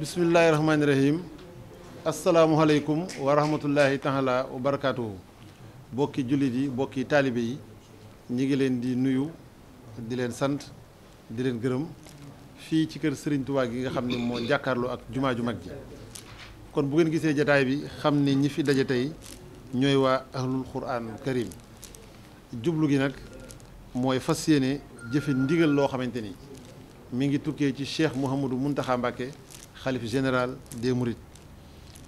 bismillaahi rahmaani rahim asalaamualeykum wa rahmatullahi taala wa barakaatuhu bokki jullit yi bokki taalibe yi ñi ngi leen di nuyu di leen sant di leen gërëm fii ci kër sëriñ tuwaay gi nga xam ne moo jàkkaarloo ak jumaa ju mag ji kon bu ngeen gisee jataay bi xam ni ñi fi daje tey ñooy waa ahlul quran karim jublu gi nag mooy fas yéene jëfe ndigal loo xamante ni mi ngi tukkee ci cheikh Mouhamadou Mountakha Mbacké xalif général de murit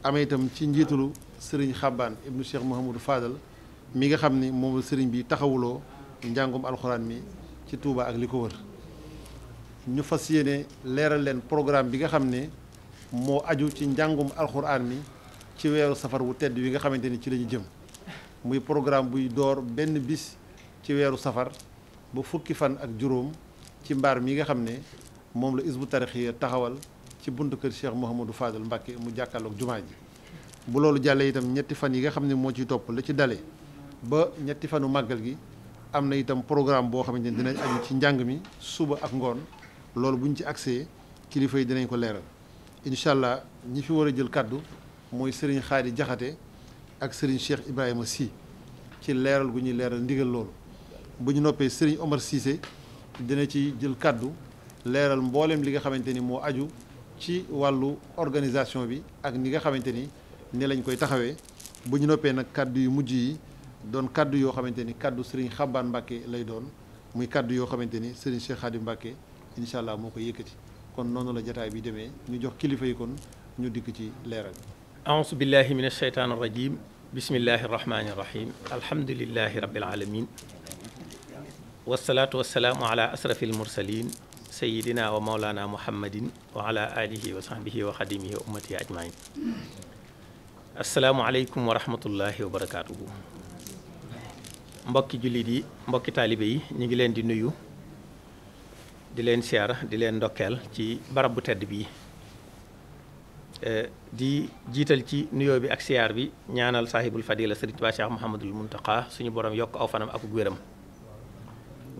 amee itam ci njiitalu sëriñ Xabbaan ibnu Cheikh Mouhamadou Fadal mi nga xam ni moom la sëriñ bi taxawuloo njàngum alxuraan mi ci Touba ak li ko wër ñu fas yéene leeral leen programme bi nga xam ne moo aju ci njàngum alxuraan mi ci weeru safar wu tedd wi nga xamante ni ci la jëm muy programme buy door benn bis ci weeru safar ba fukki fan ak juróom ci mbaar mi nga xam ne moom la isbu tarixiya taxawal ci buntu kër Cheikh Mouhamadou Fadal Mbacke mu jàkkaarloog jumaa ji bu loolu jàllee itam ñetti fan yi nga xam ne moo ciy topp la ci dale ba ñetti fanu màggal gi am na itam programme boo xamante ni dinañ ci njàng mi suba ak ngoon loolu bu ci accès kilifa yi dinañ ko leeral incha allah ñi fi war a jël kaddu mooy Serigne Khady Diakhaté ak Serigne Cheikh Ibrahima Sy ci leeral gu ñuy leeral ndigal loolu bu ñu noppee Serigne Omar dina ci jël kàddu leeral mboolem li nga xamante ni moo aju. ci wàllu organisation bi ak ni nga xamante ni ne lañ koy taxawee bu ñu noppee nag kàddu yu mujj yi doon kàddu yoo xamante ni kàddu Serigne Xabbaan Mbàkke lay doon muy kàddu yoo xamante ni Serigne Cheikh Xaadim Mbàkke incha allah moo ko yékkati kon noonu la jataay bi demee ñu jox kilifa yi kon ñu dikk ci leeral aousu billahi min alcheytaan arrajim bismillahi arrahmani arrahim alhamdulilahi rabil alamin wasalaatu wasalaamu ala asrafi almursalin sayidina wa maulana muhammadin wa ala alihi wa sahbihi wa xadimihi wa ummati ajmain asalaamualeykum wa rahmatullahi wa barakaatuhu mbokki jullit yi mbokki taalibe yi ñu ngi leen di nuyu di leen siyaar di leen ndokkeel ci barab bu tedd bii eh, di jiital ci nuyoo bi ak siyaar bi ñaanal saahibul fadila sëriñ Tuubaa Cheikh Mouhamadul Muntaqa suñu borom yokk aw fanam ak wéram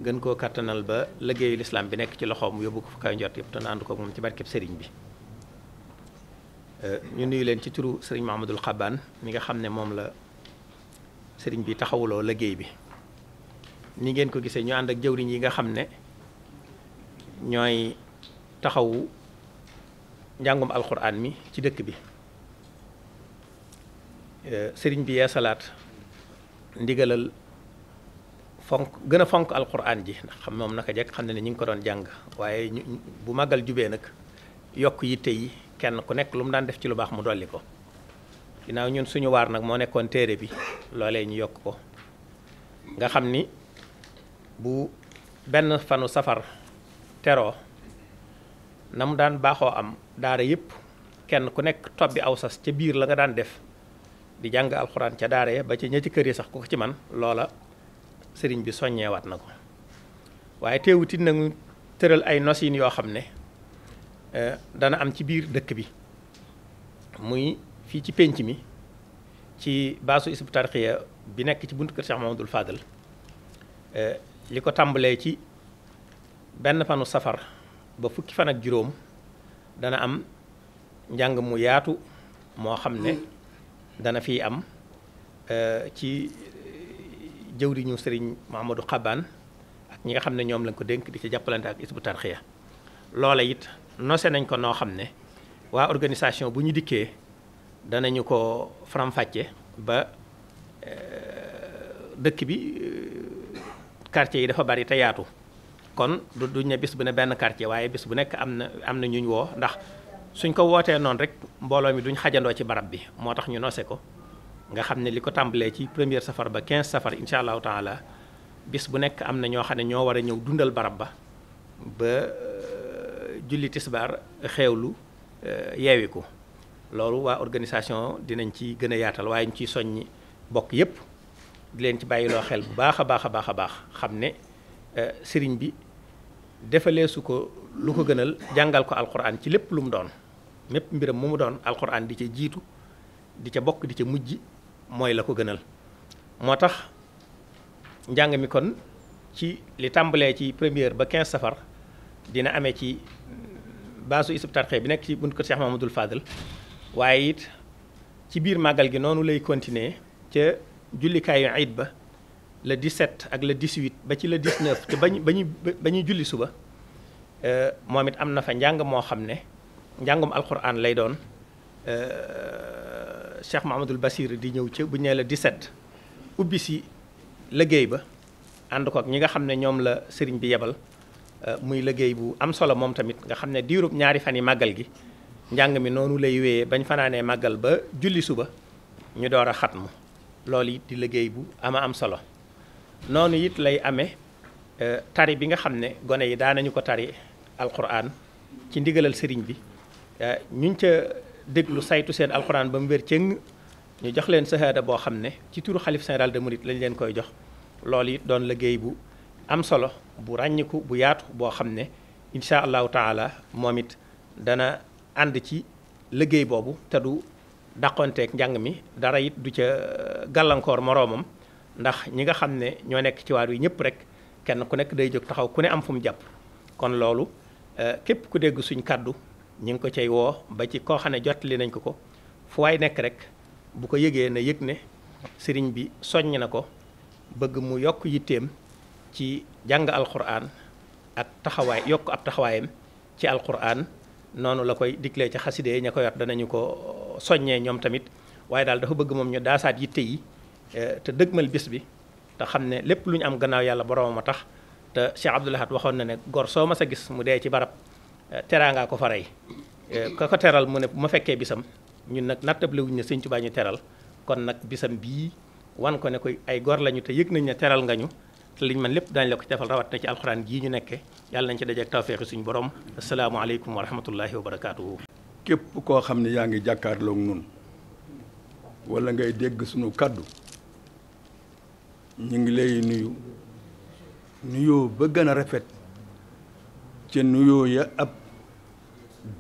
gën koo kàttanal ba liggéeyu lislaam bi nekk ci loxoom yóbbu ko fa kaw njort yëpp te ànd ko moom ci barkeb sëriñ bi euh, ñu nuyu leen ci turu sëriñ Mahamadul Xabaan mi nga xam ne moom la sëriñ bi taxawuloo liggéey bi ni ngeen ko gisee ñu ànd ak jëwriñ yi nga xam ne ñooy taxawu njàngum alxuraan mi ci dëkk bi euh, sëriñ bi yee salaat ndigalal fonk gën a fonk alquran ji ndax xam moom naka jekk xam ne ni ñu ngi ko doon jàng waaye ñu bu màggal jubee nag yokk yi yi kenn ku nekk lu mu daan def ci lu baax mu dolli ko ginnaaw ñun suñu waar nag moo nekkoon téere bi loolee ñu yokk ko nga xam ni bu benn fanu safar teroo na mu daan baaxoo am daara yëpp kenn ku nekk tobbi aw sas ca biir la nga daan def di jàng alxuraan ca daara ya ba ci kër yi sax ku ko ci man loola sëriñ bi soññeewaat na ko waaye teewutit nañu tëral ay nosin yoo xam ne e, dana am ci biir dëkk bi muy fii ci pénc mi ci baasu isbu tarxiya bi nekk ci buntu kër Cheikh Mamadou Fadal e, li ko tàmbalee ci benn fanu safar ba fukki fan ak juróom dana am njàng mu yaatu moo xam ne mm. dana fi am e, ci jëw jëwriñu sëriñ Mahamadou Xabaan ak ñi nga xam ne ñoom lañ ko dénk di ci jàppalante ak Hizbut Tarqiyyah loola it nose nañ ko noo xam ne waa organisation bu ñu dikkee danañu ko faram-fàcce ba euh, dëkk bi euh, quartier yi dafa bari te yaatu kon du duñ ne bis bu ne benn quartier waaye bis bu nekk am na am na ñuñ woo ndax suñ ko wootee noonu rek mbooloo mi duñ xajandoo ci barab bi moo tax ñu nose ko nga xam ne li ko tàmbalee ci première safar ba 15 safar incha allahu taala bis bu nekk am na ñoo xam ne ñoo war a ñëw dundal barab ba ba euh, julli tisbaar xeewlu euh, yeewi ko loolu waa organisation dinañ ci gën a yaatal waaye ñu ciy soññi bokk yépp di leen ci bàyyiloo xel bu baax a baax a baax a baax xam ne euh, sëriñ bi defalee su ko lu ko gënal jàngal ko alxuraan ci lépp lu mu doon mépp mbiram mu mu doon alxuraan di ca jiitu di ca bokk di ca mujj mooy la ko gënal moo tax njàng mi kon ci li tàmbalee ci première ba 15 safar dina amee ci baasu isub tarxe bi nekk ci bunt ko Cheikh Mamadou Fadel waaye it ci biir màggal gi noonu lay continuer ca jullikaayu iid ba le 17 ak le 18 ba ci le 19 te ba ñu ba ñu moom it am na fa njàng moo xam ne njàngum alquran lay doon. Cheikh Mahamadul Basir di ñëw ci bu ñu nee di 17 ubbi si liggéey ba ànd ko ak ñi nga xam ne ñoom la sëriñ bi yebal euh, muy liggéey bu am solo moom tamit nga xam ne diirub ñaari fan yi màggal gi njàng mi noonu lay wéyee bañ fanaanee màggal ba julli suba ñu door a xat xatmu loolu it di liggéey bu ama am solo noonu it lay amee euh, tari bi nga xam ne gone yi daanañu ko tari alquran ci ndigalal sëriñ bi euh, ñuñ ca déglu saytu seen alxuraan ba mu wér cëng ñu jox leen sahaada boo xam ne ci turu xalif général de Mouride lañ leen koy jox loolu it doon léggéey bu am solo bu ràññiku bu yaatu boo xam ne incha allahu taala moom it dana ànd ci liggéey boobu te du dàqonteeg njàng mi dara it du ca euh, gàllankoor moroomam ndax ñi nga xam ne ñoo nekk ci waar wi ñëpp rek kenn ku nekk day jóg taxaw ku ne am fu mu jàpp kon loolu euh, képp ku dégg suñ kàddu ñu ngi ko cey woo ba ci koo xam ne jottali nañ ko ko fu waay nekk rek bu ko yëgee ne yëg ne sëriñ bi soññ na ko bëgg mu yokk yitteem ci jàng alxuraan ak taxawaay yokk ab taxawaayam ci alxuraan noonu la koy diglee ci xaside ña ko yor danañu ko soññee ñoom tamit waaye daal dafa bëgg moom ñu daasaat yitte yi eh, te dëgmal bis bi te xam ne lépp lu ñu am gannaaw yàlla boroomam a tax te Cheikh Abdoul Ahad waxoon na ne gor soo mas a gis mu dee ci barab teraangaa ko fa rey eh, ka ko teral mu ne bu ma fekkee bisam ñun nag nattable wuñ ne sëñ Tuubaa ñu teral kon nag bisam bii wan ko ne koy ay gor lañu te yëg nañ ne teral nga ñu te liñ man lépp daañ la ko ci defal rawat na ci alxuraan gii ñu nekke yàlla nañ ci dajeek tawféexi suñu borom asalaamualeykum wa rahmatullahi wa barakaatuhu. képp koo xam ne yaa ngi jàkkaarloog nun wala ngay dégg suñu kàddu ñu ngi lay nuyu nuyoo ba gën a rafet ca nuyoo ya ab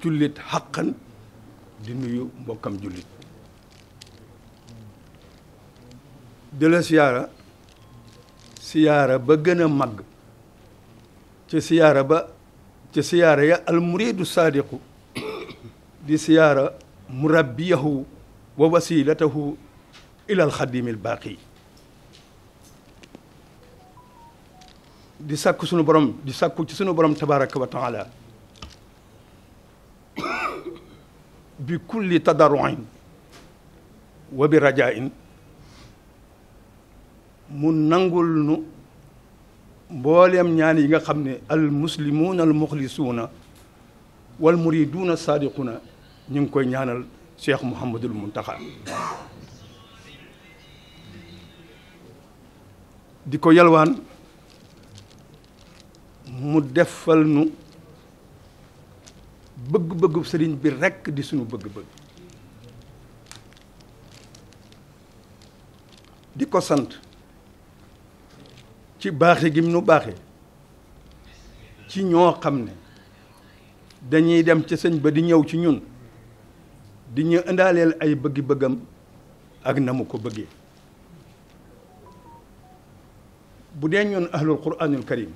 jullit xaqan di nuyu mbokkam jullit di la siyaara siyaara ba gën a màgg ci siyaara ba ci siyaara ya almuridu saadiqu di siyaara murabbiyahu wa wasilatahu ila alxadimi albaaqi di sàkku sunu borom di sàkku ci sunu borom tabaraka wa taala bi kulli tadarruin wa bi rajain mu nangul nu mbooleem ñaan yi nga xam ne al muslimuuna al muxlisuuna wal muriduuna saadiquuna ñu ngi koy ñaanal cheikh mouhamadul muntaxa di ko yalwaan mu defal nu bëgg-bëggu sëriñ bi rekk di suñu bëgg-bëgg di ko sant ci baaxe gi mu nu baaxe ci ñoo xam ne dañuy dem ca sëñ ba di ñëw ci ñun di ñu indaaleel ay bëgg-bëggam ak na mu ko bëggee bu dee ñun ahlul quraanul karim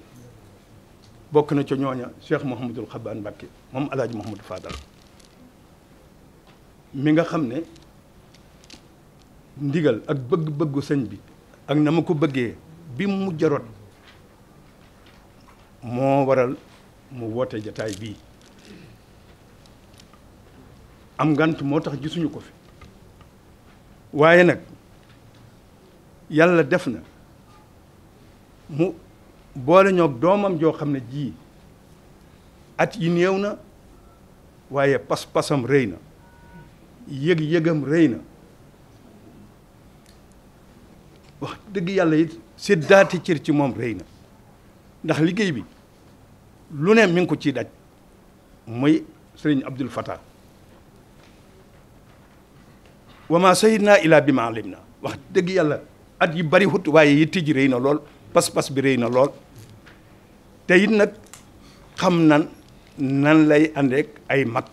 bokk na ca ñooña Cheikh Mouhamadul Xabaan Mbàkke moom El Hadj Mouhamadou Fadal mi nga xam ne ndigal ak bëgg-bëggu sëñ bi ak na ma ko bëggee bi mu jaroot moo waral mu woote jataay bii am ngant moo tax gisuñu ko fi waaye nag yàlla def na mu boole ñoo doomam joo xam ne jii at yi néew na waaye pas-pasam rëy na yëg-yëgam rëy na wax dëgg yàlla it seddaati cër ci moom réy na ndax liggéey bi lu ne mi ngi ko ciy daj mooy sëriñ Abdul Fattah wa ma sayidna ila bi ma alim na wax dëgg yàlla at yi bari xut waaye yitti ji rëy na lool pas-pas bi rëy na lool te it nag xam nan nan lay àndeek ay mag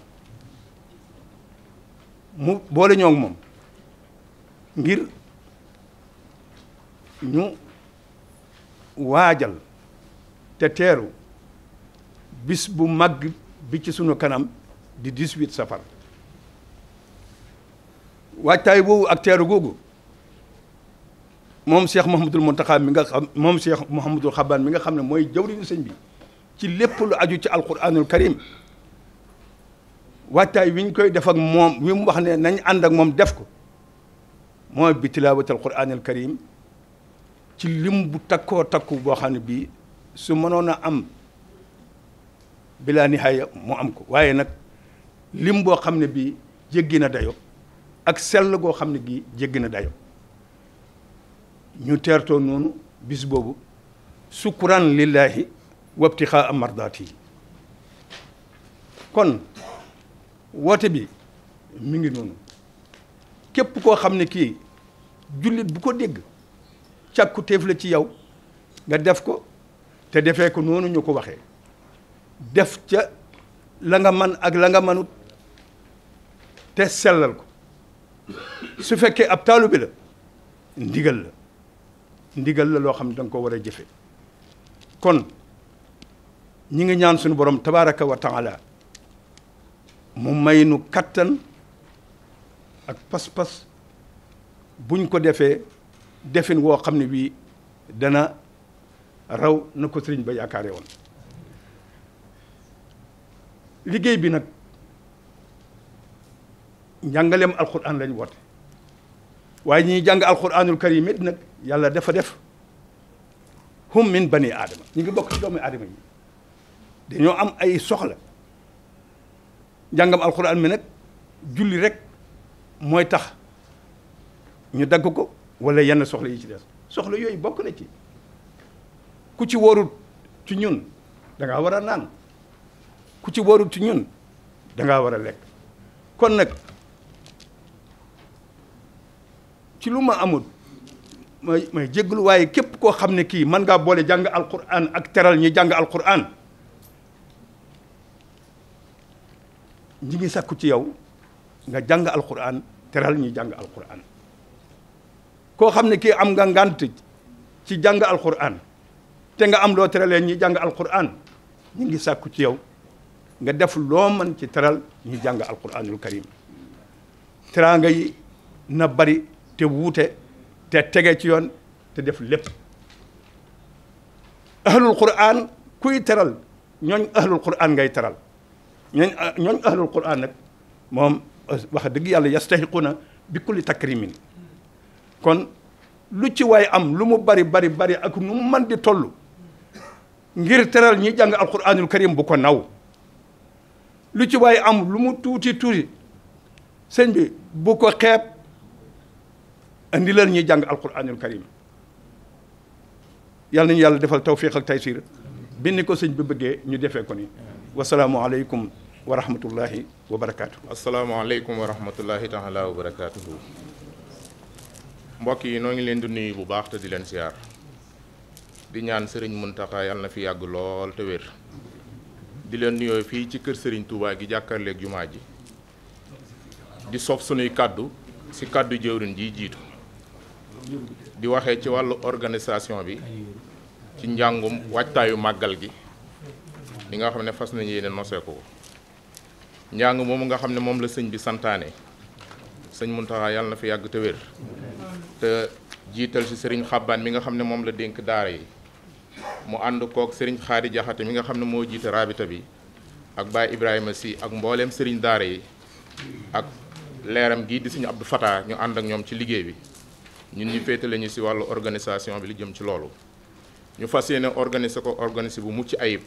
mu boole ñoo moom ngir ñu waajal te teeru bis bu mag bi ci sunu kanam di 18 safar waajtaay boobu ak teeru googu moom Cheikh Mouhamadul Mountakha mi nga xam moom Cheikh Mouhamadul Xabaan mi nga xam ne mooy jawriñu sëñ bi ci lépp lu aju ci alquranul karim waajtaay wi ñu koy def ak moom wi mu wax ne nañ ànd ak moom def ko mooy bi tilaawat alquranul karim ci lim bu takkoo takku boo xam ne bii su mënoon a am bila nihaaya mu am ko waaye nag lim boo xam ne bii jéggi na dayo ak sell goo xam ne gii jéggi na dayo ñu teertoo noonu bis boobu su sukkuran lillahi wabtixaa a mardaati kon woote bi mu ngi noonu képp koo xam ne kii jullit bu ko dégg càkku téef la ci yow nga def ko te defee ko noonu ñu ko waxee def ca la nga man ak la nga manut te sellal ko su fekkee ab taalu bi la ndigal la ndigal la loo xam ne da nga ko war a jëfe kon ñi ngi ñaan suñu borom tabaraka wa taala mu may nu kattan ak pas-pas buñ ko defee defin woo xam ne bii dana raw na ko sëriñ ba yaakaare woon liggéey bi nag njàngaleem alxuraan lañ woote waaye ñuy jàng alquranul karim it nag yàlla dafa def hum min bani aadama ñu ngi bokk ci doomu aadama yi dañoo am ay soxla jàngam alquran mi nag julli rek mooy tax ñu dagg ko wala yenn soxla yi ci des soxla yooyu bokk na ci ku ci wóorul ci ñun da war a naan ku ci wóorul ci ñun da war a lekk kon nag ci lu ma amul may may waaye képp koo xam ne kii mën ngaa boole jàng alquran ak teral ñi jàng alquran ñi ngi sakku ci yow nga jàng teral ñi jàng alquran koo xam ne kii am nga ngànt ci jàng alquran te nga am loo terale ñi jàng alquran ñi ngi sakku ci yow nga def loo mën ci teral ñi jàng alquranul karim teraanga yi na bari te wuute te tege ci yoon te def lépp ahlul quran kuy teral ñooñ ahlul quran ngay teral ñooñ ñooñ ahlul nag moom wax dëgg yàlla yastahiquna bi kulli takrimin kon lu ci waay am lu mu bari bari bari ak nu mu mën di toll ngir teral ñi jàng alquranul karim bu ko naw lu ci waay am lu mu tuuti tuuti sëñ bi bu ko xeeb indi leen ñuy jàng alquranul karim yàlla nañu yàlla defal tawfiq ak taysir bi ni ko sëñ bi bëggee ñu defee ko ni wasalaamualeykum wa rahmatullahi wa barakaatu. asalaamaaleykum wa rahmatullahi mbokk yi noo ngi leen di nuyu bu baax te di leen siyaar di ñaan sëriñ Muntaxa yàlla na fi yàgg lool te wér di leen nuyoo fii ci kër sëriñ Touba gi jàkkaarleeg jumaa ji di sof sunuy kàddu si kàddu jëwriñ ji jiitu. di waxee ci wàllu organisation bi ci njàngum waajtaayu màggal gi li nga xam ne fas nañu yeneen nosee ko njàng moomu nga xam ne moom la sëñ bi santaane sëñ Muntaxa yàlla na fi yàgg te te jiital ci sëriñ xabbaan mi nga xam ne moom la dénk daara yi mu ànd kook sëriñ xaari jaxate mi nga xam ne moo jiite raabita bi ak Baye ibraahima si ak mbooleem sëriñ daara yi ak leeram gii di sëñ Abdou Fata ñu ànd ak ñoom ci liggéey bi ñun ñu féetale ñu si wàllu organisation bi li jëm ci loolu ñu fas yéene organise ko organiser bu mucc ayib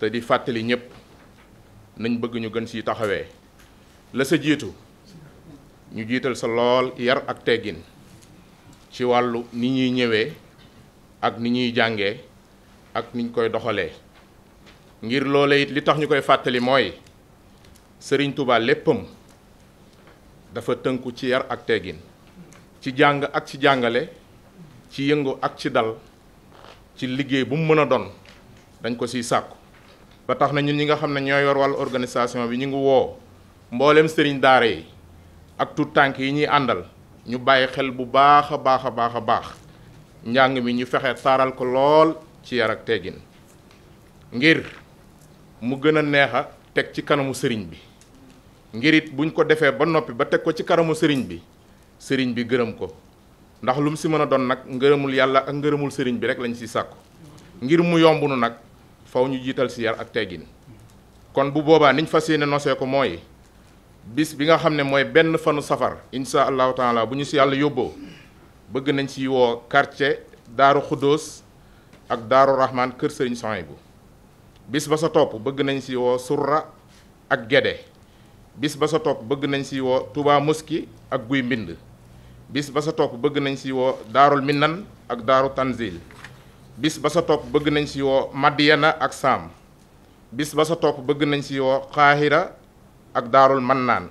te di fàttali ñëpp nañ bëgg ñu gën si taxawee la sa jiitu ñu jiital sa lool yar ak teggin ci wàllu ni ñuy ñëwee ak ni ñuy jàngee ak niñ koy doxalee ngir loole it li tax ñu koy fàttali mooy Sëriñ Tuubaa léppam dafa tënku ci yar ak teggin ci jàng ak ci jàngale ci yëngu ak ci dal ci liggéey bu mu mën a doon dañ ko siy sàkku ba tax nañu ñi nga xam ne ñooy yor wàllu organisation bi ñu ngi woo mbooleem sëriñ daara yi ak tuut tànk yi ñuy àndal ñu bàyyi xel bu baax a baax a baax a baax njàng mi ñu fexe taaral ko lool ci yar ak teggin ngir mu gën a neex a teg ci kanamu sëriñ bi ngir it buñ ko defee ba noppi ba teg ko ci kanamu sëriñ bi sëriñ bi gërëm ko ndax lu mu si mën a doon nag ngërëmul yàlla ak ngërëmul sëriñ bi rek lañu si sàkku ngir mu yomb nu nag faw ñu jiital si yar ak teggin kon bu boobaa niñ fas ne nosee ko mooy bis bi nga xam ne mooy benn fanu safar insha allahu taala bu ñu si yàlla yóbboo bëgg nañ si woo quartier daaru xuddoos ak daaru rahman kër sëriñ Sohaybou bis ba sa topp bëgg nañ si woo surra ak Gede bis ba sa topp bëgg nañ si woo Touba Mosquée ak guy mbind bis ba sa topp bëgg nañ si woo daarul minnan ak daaru tanzil bis ba sa topp bëgg nañ si woo madiyana ak saam bis ba sa topp bëgg nañ si woo xaahira ak daarul mannaan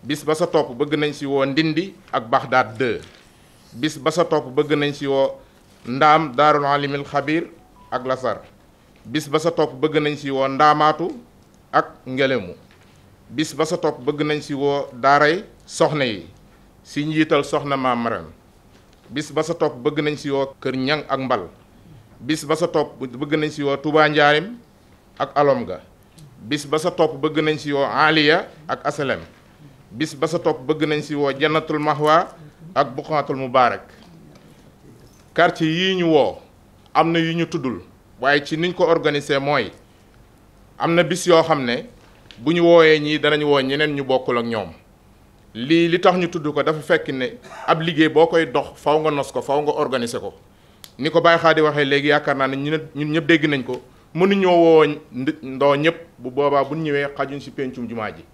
bis ba sa topp bëgg nañ si woo ndindi ak baxdaad 2 bis ba sa topp bëgg nañ si woo ndaam daarul alimil xabir ak lasar bis ba sa topp bëgg nañ si woo ndaamaatu ak ngelemu bis ba sa topp bëgg nañ si woo daaray soxna yi si njiital soxna maam bis ba sa topp bëgg nañ si yoo Kër Ñang ak Mbal bis ba sa topp bëgg nañ si woo Touba Njaarim ak ga bis ba sa topp bëgg nañ si woo Aliya ak Asalem bis ba sa topp bëgg nañ si woo Jannatul Mahwa ak Buqaatul Mubaarak karti yii ñu woo am na yu ñu tuddul waaye ci niñ ko organisé mooy am na bis yoo xam ne bu ñu wooyee ñii danañ woo ñeneen ñu bokkul ak ñoom lii li tax ñu tudd ko dafa fekk ne ab liggéey boo koy dox faw nga nos ko faw nga organiser ko ni ko Baye di waxee léegi yaakaar naa ne ñun ñëpp dégg nañ ko mënuñoo woo ndoo ñëpp bu boobaa bu ñëwee xajuñ si pencum jumaa ji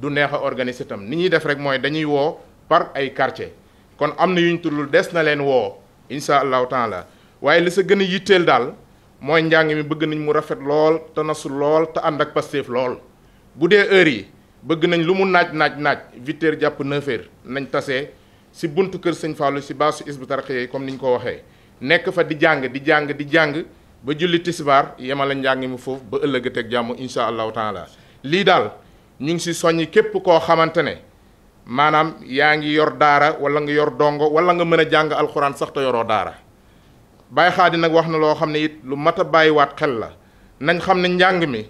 du neex a organiser tam ni ñuy def rek mooy dañuy woo par ay quartier kon am na yu yuñ tuddul des na leen woo incha allahu taala waaye li sa gën a yitteel daal mooy njàng mi bëgg nañ mu rafet lool te nasu lool te ànd ak Pastef lool bu dee heure yi bëgg nañ lu mu naaj naaj naaj huit jàpp neuf heures nañ tasee si buntu kër sëñ Fallou si baasu Hizbut Tarqiyyah yi comme ni ñu ko waxee nekk fa di jàng di jàng di jàng ba julli tisbaar yemale njàng mi foofu ba ëllëg a teg jàmm incha allahu taala lii daal ñu ngi si soññi képp koo xamante ne maanaam yaa ngi yor daara wala nga yor dongo wala nga mën a jàng alxuraan sax te yoroo daara Baye Xaadi nag wax na loo xam ne it lu mat a bàyyiwaat xel la nañ xam ne njàng mi.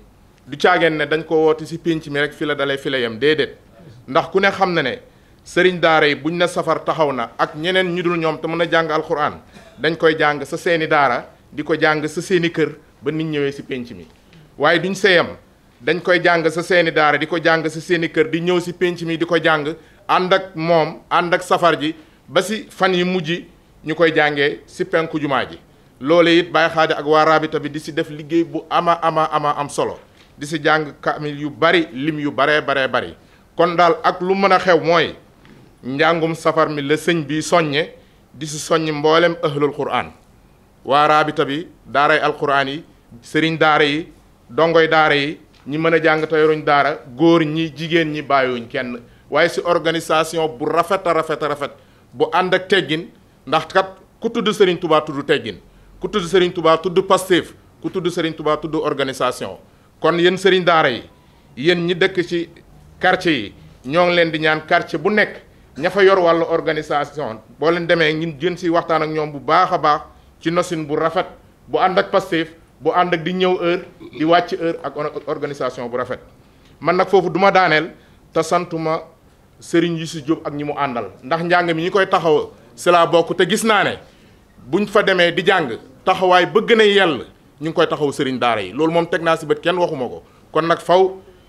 du caageen ne dañ ko woote ci pénc mi rek fi la dalee fi la yem déedéet ndax ku ne xam na ne sëriñ daara yi bu buñ ne safar taxaw na ak ñeneen ñu dul ñoom te mën a jàng alxuraan dañ koy jàng sa seeni daara di ko jàng sa seeni kër ba ñëwee ci pénc mi waaye duñ seyam dañ koy jàng sa seeni daara di ko jàng sa seeni kër di ñëw ci pénc mi di ko jàng ànd ak moom ànd ak safar ji ba ci fan yi mujj ñu koy jàngee ci penku jumaa ji loole it bàyyi xaadi ak waa rabita bi di ci def liggéey bu ama ama ama am solo di si jàng kaamil yu bari lim yu baree baree bari kon daal ak lu mën a xew mooy njàngum safar mi la sëñ bi soññe di si soññ mboolem ahlul quran waa raabita bi daaray alquran yi sëriñ daara yi dongoy daara yi ñi mën a jàng te yoruñ daara góor ñi jigéen ñi bàyyiwuñ kenn waaye si organisation bu rafet a rafet rafet bu ànd ak teggin ndax kat ku tudd Serigne tubaa tudd teggin ku tudd Serigne tubaa tudd Pastef ku tudd Serigne tubaa tudd organisation kon yéen sëriñ daara yi yéen ñi dëkk ci quartier yi ñoo ngi leen di ñaan quartier bu nekk ña fa yor wàllu organisation boo leen demee ngeen jën si waxtaan ak ñoom bu baax a baax ci nosin bu rafet bu ànd ak Pastef bu ànd ak di ñëw heure di wàcc heure ak organisation bu rafet man nag foofu duma daaneel te santuma sëriñ Youssou Diop ak ñi mu àndal ndax njàng mi ñi koy taxaw si laa bokk te gis naa ne buñ fa demee di jàng taxawaay bëgg na yell ñu ngi koy taxaw sëriñ daara yi loolu moom teg naa si bët kenn waxuma ko kon nag faw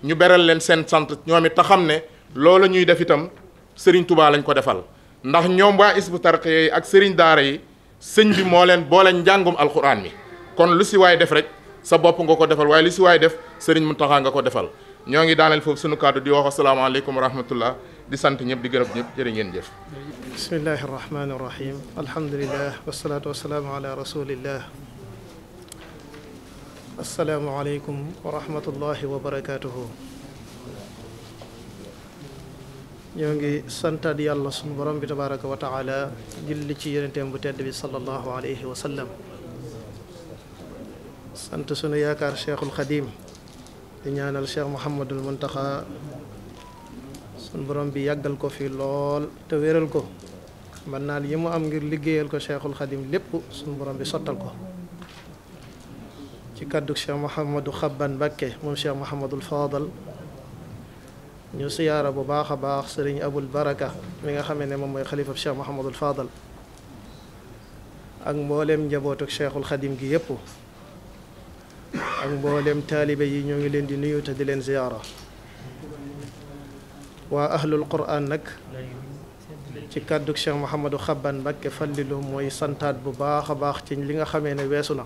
ñu beral leen seen sant ñoom it te xam ne loola ñuy def itam sëriñ tubaa lañ ko defal ndax ñoom waa bu tarqiya yi ak sëriñ daara yi sëñ bi moo leen boole njàngum alxuraan mi kon lu si waay def rek sa bopp nga ko defal waaye lu si waay def sëriñ mu taxaa nga ko defal ñoo ngi daaneel foofu sunu kàddu di wax asalaamaaleykum wa rahmatullah di sant ñëpp di gërëm ñëpp ngeen jëf bismillahi arrahmani arrahim alhamdulilah wasalaatu asalaamualeykum wa rahmatullahi wa barakaatuhu ñoo ngi santaat yàlla sunu borom bi tabaraka wa taala julli ci yonenteem bu tedd bi sallallahu alayhi wa sallam sant sunu yaakaar cheikhul xadim di ñaanal cheikh muhammadul muntaxa sunu borom bi yàggal ko fii lool te wéral ko mën naal yi mu am ngir liggéeyal ko cheikhul xadim lépp sunu borom bi sottal ko ci kàddu Cheikh Mouhamadou Xabban Mbakke moom Cheikh Mouhamadul Fadal ñu siyaara bu baax a baax sëriñ Abul Baraka mi nga xamee ne moom mooy xalifa Cheikh Mouhamadul Fadal ak mbooleem njabootuk Cheikhul Xadim gi yépp ak mbooleem taalibe yi ñoo ngi leen di nuyu di leen ziyaara waa ahlul quraan nag ci kàddug Cheikh Mouhamadou Xabban Mbakke Fallilu mooy santaat bu baax a baax ci li nga xamee ne weesu na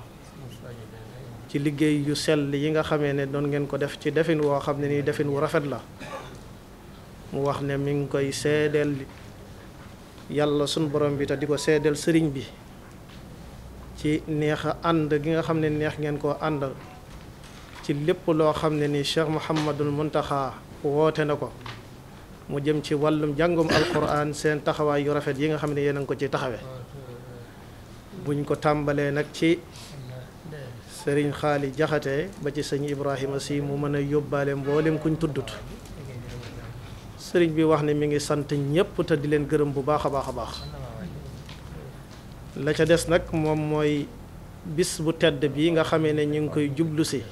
ci liggéey yu sell yi nga xamee ne doon ngeen ko def ci defin woo xam ne nii defin wu rafet la mu wax ne mi ngi koy seedeel yàlla sunu borom bi te di ko seddal sëriñ bi ci neex ànd gi nga xam ne neex ngeen koo ànd ci lépp loo xam ne nii Cheikh Mouhamadul Muntaxa woote na ko mu jëm ci wàllum jàngum alquran seen taxawaay yu rafet yi nga xam ne yéen a ngi ko ci taxawe buñ ko tàmbalee nag ci sëriñ xaali jaxate ba ci sëñ Ibrahima si mu mën a yóbbaale mboolem kuñ tuddut sëriñ bi wax ne mi ngi sant ñëpp te di leen gërëm bu baax a baax a baax la ca des nag moom mooy bis bu tedd bi nga xamee ne ñu ngi koy jublu si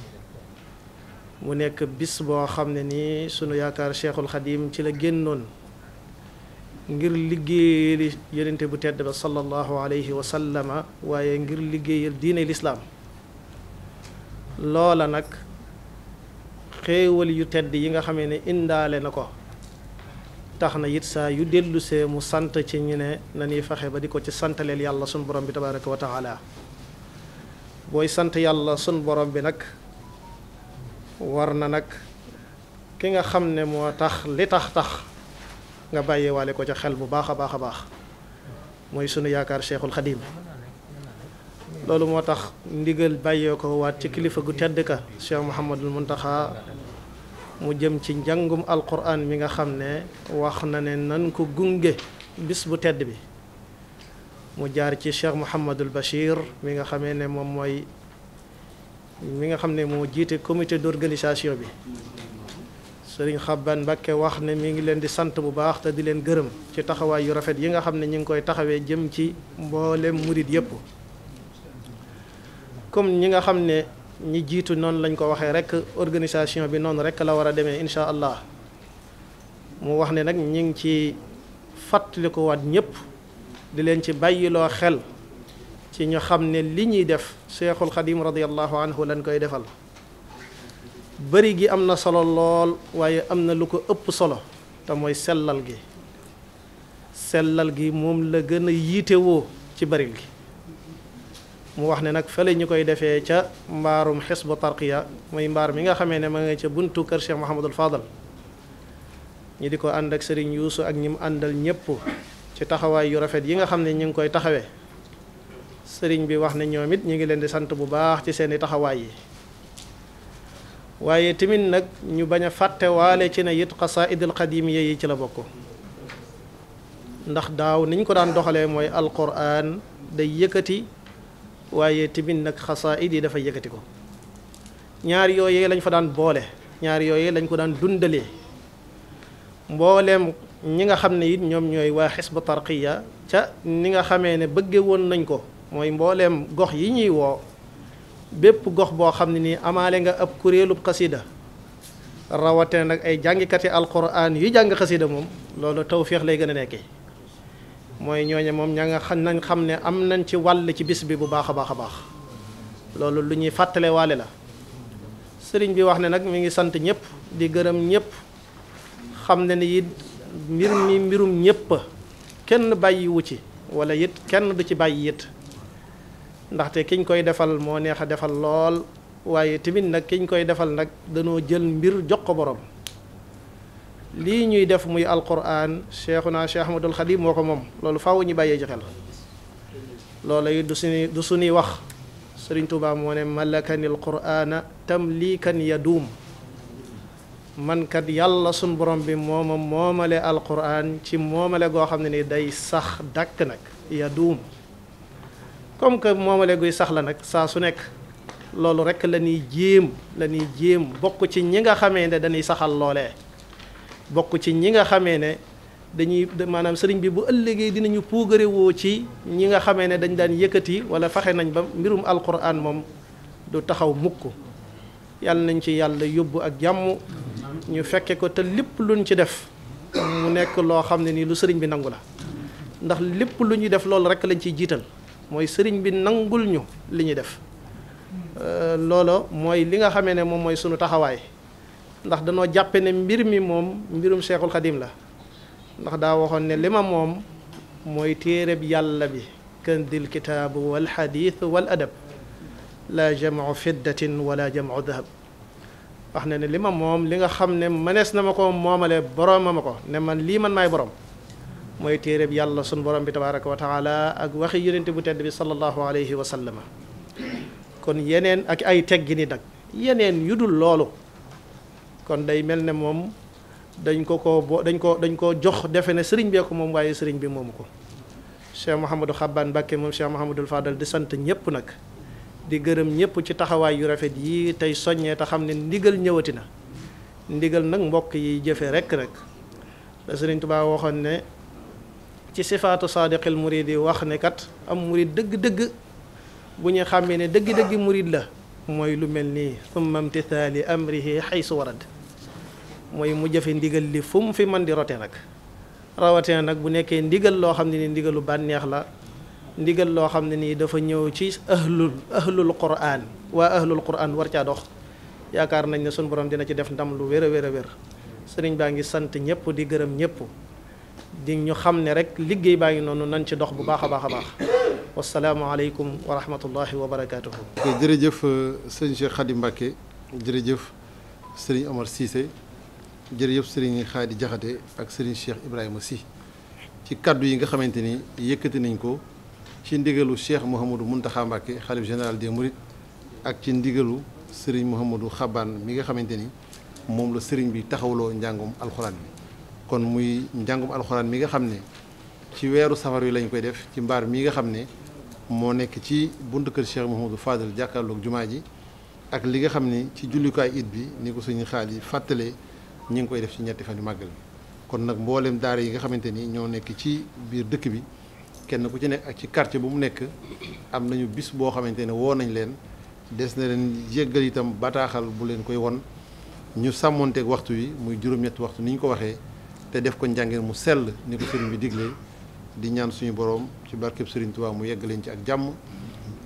mu nekk bis boo xam ne nii sunu yaakaar Cheikhul Xadim ci la génnoon ngir liggéeyal yenente bu tedd ba sallallahu alayhi wa sallama waaye ngir liggéeyal diine lislaam loola nag xéewal yu tedd yi nga xamee ne indaale na ko tax na it saa yu dellusee mu sant ci ñu ne na ñuy fexe ba di ko ci santaleel yàlla sun borom bi tabaraka wa taala booy sant yàlla sun borom bi nag war na nag ki nga xam ne moo tax li tax tax nga bàyyiwaale ko ca xel bu baax a baax a baax mooy sunu yaakaar cheikhul xadim loolu moo tax ndigal bàyyee ko waat ci kilifa gu tedd ka Cheikh Mouhamadul Muntaxa mu jëm ci njàngum alquran mi nga xam ne wax na ne nan ko gunge bis bu tedd bi mu jaar ci Cheikh Mouhamadul bashir mi nga xamee ne moom mooy mi nga xam ne moo jiite comité d'organisation bi Sëriñ Xabban Mbàkke wax ne mi ngi leen di sant bu baax te di leen gërëm ci taxawaay yu rafet yi nga xam ne ñu ngi koy taxawee jëm ci mboolem murit yépp comme ñi nga xam ne ñi jiitu noonu lañ ko waxee rek organisation bi noonu rek la war a demee incha allah mu wax ne nag ñi ngi ci ko waat ñëpp di leen ci bàyyiloo xel ci ñu xam ne li ñuy def cheikhul xadim radiallahu anhu lañ koy defal bari gi am na solo lool waaye am na lu ko ëpp solo te mooy sellal gi sellal gi moom la gën a yiitewoo ci bëril gi mu wax ne nag fële ñu koy defee ca mbaarum xes xisbu tarqiya muy mbaar mi nga xamee ne ma nga ca buntu kër Cheikh Mouhamadul Fadal ñi di ko ànd ak Serigne Youssou ak ñi mu àndal ñëpp ci taxawaay yu rafet yi nga xam ne ñu ngi koy taxawee Serigne bi wax ne ñoom it ñu ngi leen di sant bu baax ci seen i taxawaay yi waaye tamit nag ñu bañ a fàttewaale ci ne it xasaidil qadimiya yi ci la bokk ndax daaw niñ ko daan doxalee mooy alquran day yëkkati. waaye tamit nag xasaayid yi dafa yëkkati ko ñaar yooyee lañ fa daan boole ñaar yooyee lañ ko daan dundalee mbooleem ñi nga xam ne it ñoom ñooy waa xisbu tarqiya ca ni nga xamee ne bëgge woon nañ ko mooy mbooleem gox yi ñuy woo bépp gox boo xam ne nii amaale nga ab kuréelub xasida rawatina nag ay jàngikati alquran yu jàng xasida moom loolu tawféex lay gën a nekkee mooy ñooñe moom ña nga xam nañ xam ne am nañ ci wàll ci bis bi bu baax a baax a baax loolu lu ñuy fàttale waale la sëriñ bi wax ne nag mu ngi sant ñëpp di gërëm ñëpp xam ne ni it mbir mi mbirum ñëpp kenn bàyyiwu ci wala yit kenn du ci bàyyi it ndaxte kiñ koy defal moo neex a defal lool waaye tamit nag kiñ koy defal nag danoo jël mbir jox ko boroom lii ñuy def muy alquran cheikhuna cheikh ahmadul xadim moo ko moom loolu faaw ñu bàyyee joxe la loolu yi du suñuy du suñuy wax sëriñ Tuubaa moo ne malakani alqurana tamlikan yaduum man mankat yàlla sun borom bi mooma moomale alquran ci moomale goo xam ne ni day sax dàkk nag yaduum comme que moomale guy sax la nag saa su nekk loolu rekk la ñuy jéem la ñuy bokk ci ñi nga xame ne dañuy saxal loole bokk ci ñi nga xamee ne dañuy maanaam sëriñ bi bu ëllëgee dinañu puugare woo ci ñi nga xamee ne dañ daan yëkkati wala faxe nañ ba mbirum alquran moom du taxaw mukk yàlla nañ ci yàlla yóbbu ak jàmm ñu fekke ko te lépp luñ ci def mu nekk loo xam ne nii lu sëriñ bi nangu la ndax lépp lu ñuy def loolu rek lañ ciy jiital mooy sëriñ bi nangul ñu li ñuy def euh, loolo mooy li nga xamee ne moom mooy sunu taxawaay ndax danoo jàppe ne mbir mi moom mbirum Cheikhul Khadim la ndax daa waxoon ne li ma moom mooy téereb yàlla bi këndil kitaabu wal xadiis wal adab la jamau fiddatin wala jamau dahab wax na ne li ma moom li nga xam ne mënees na ma ko moomale borooma ma ko ne man lii man maay borom mooy téereb yàlla sun borom bi tabaraka wa taala ak waxi yonente bu tedd bi sallallahu alayhi wa sallama kon yeneen ak ay teggini nag yeneen yu dul loolu kon day mel ne moom dañ ko ko bo dañ ko dañ ko jox defe na sëriñ bee ko moom waaye sëriñ bi moomu ko Cheikh Mouhamadou Xabbaan Mbàkke moom Cheikh Mouhamadoul Fadal di sant ñëpp nag di gërëm ñépp ci taxawaay yu rafet yi tey soññee te xam ne ndigal ñëwati na ndigal nag mbokk yi jëfe rek rek da sëriñ Tuubaa waxoon ne ci sifaatu saadiqil murid yi wax ne kat am murid dëgg-dëgg bu ñu xàmmee ne dëgg-dëgg murid la mooy lu mel nii thumma imtithaali amrihi xaysu mooy mu jëfe ndigal li fu mu fi man di rote nag rawatina nag bu nekkee ndigal loo xam ne ni ndigalu bànneex la ndigal loo xam ne nii dafa ñëw ci ahlul ahlul quraan waa ahlul quraan war caa dox yaakaar nañ ne sunu borom dina ci def ndam lu wér a wér a wér sëriñ baa ngi sant ñëpp di gërëm ñëpp di ñu xam ne rek liggéey baa ngi noonu nan ci dox bu baax a baax a baax wasalaamaaleykum wa rahmatullahi wa barakaatuhu jërëjëf euh, sëñ Cheikh Khady Mbacké jërëjëf jër jërëjëf Serigne Khady jaxate ak Serigne Cheikh Ibrahima si ci kàddu yi nga xamante ni yëkkati nañ ko ci ndigalu Cheikh Mouhamadou Mountakha Mbacké xalif général des Mourides ak ci ndigalu Serigne Mouhamadou xaban mi nga xamante ni moom la Serigne bi taxawloo njàngum alxuraan bi kon muy njàngum alxuraan mi nga xam ne ci weeru safar yi lañu koy def ci mbaar mi nga xam ne moo nekk ci buntu kër Cheikh Mouhamadou Fadel jàkkaarlook jumaa ji ak li nga xam ni ci jullikaay it bi ni ko Serigne Khady fàttalee ñi ngi koy def ci ñetti fa yu màggal kon nag mboolem daara yi nga xamante ni ñoo nekk ci biir dëkk bi kenn ku ci nekk ak ci quartier bu mu nekk am nañu bis boo xamante ne woo nañ leen des na leen yëggal itam bataaxal bu leen koy won ñu sàmmonteeg waxtu yi muy juróom-ñetti waxtu ni ñu ko waxee te def ko njàngeen mu sell ni ko sëriñ bi diglee di ñaan suñu borom ci barkeb sëriñ Touba mu yegg leen ci ak jàmm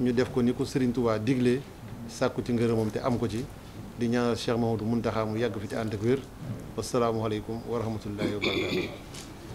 ñu def ko ni ko sëriñ Touba diglee sàkku ci ngërëmam te am ko ci di ñaanal Cheikh Mamadou Muntaxa mu yàgg fi te ànd ak wér wasalaamualeykum wa rahmatullahi wa barakatu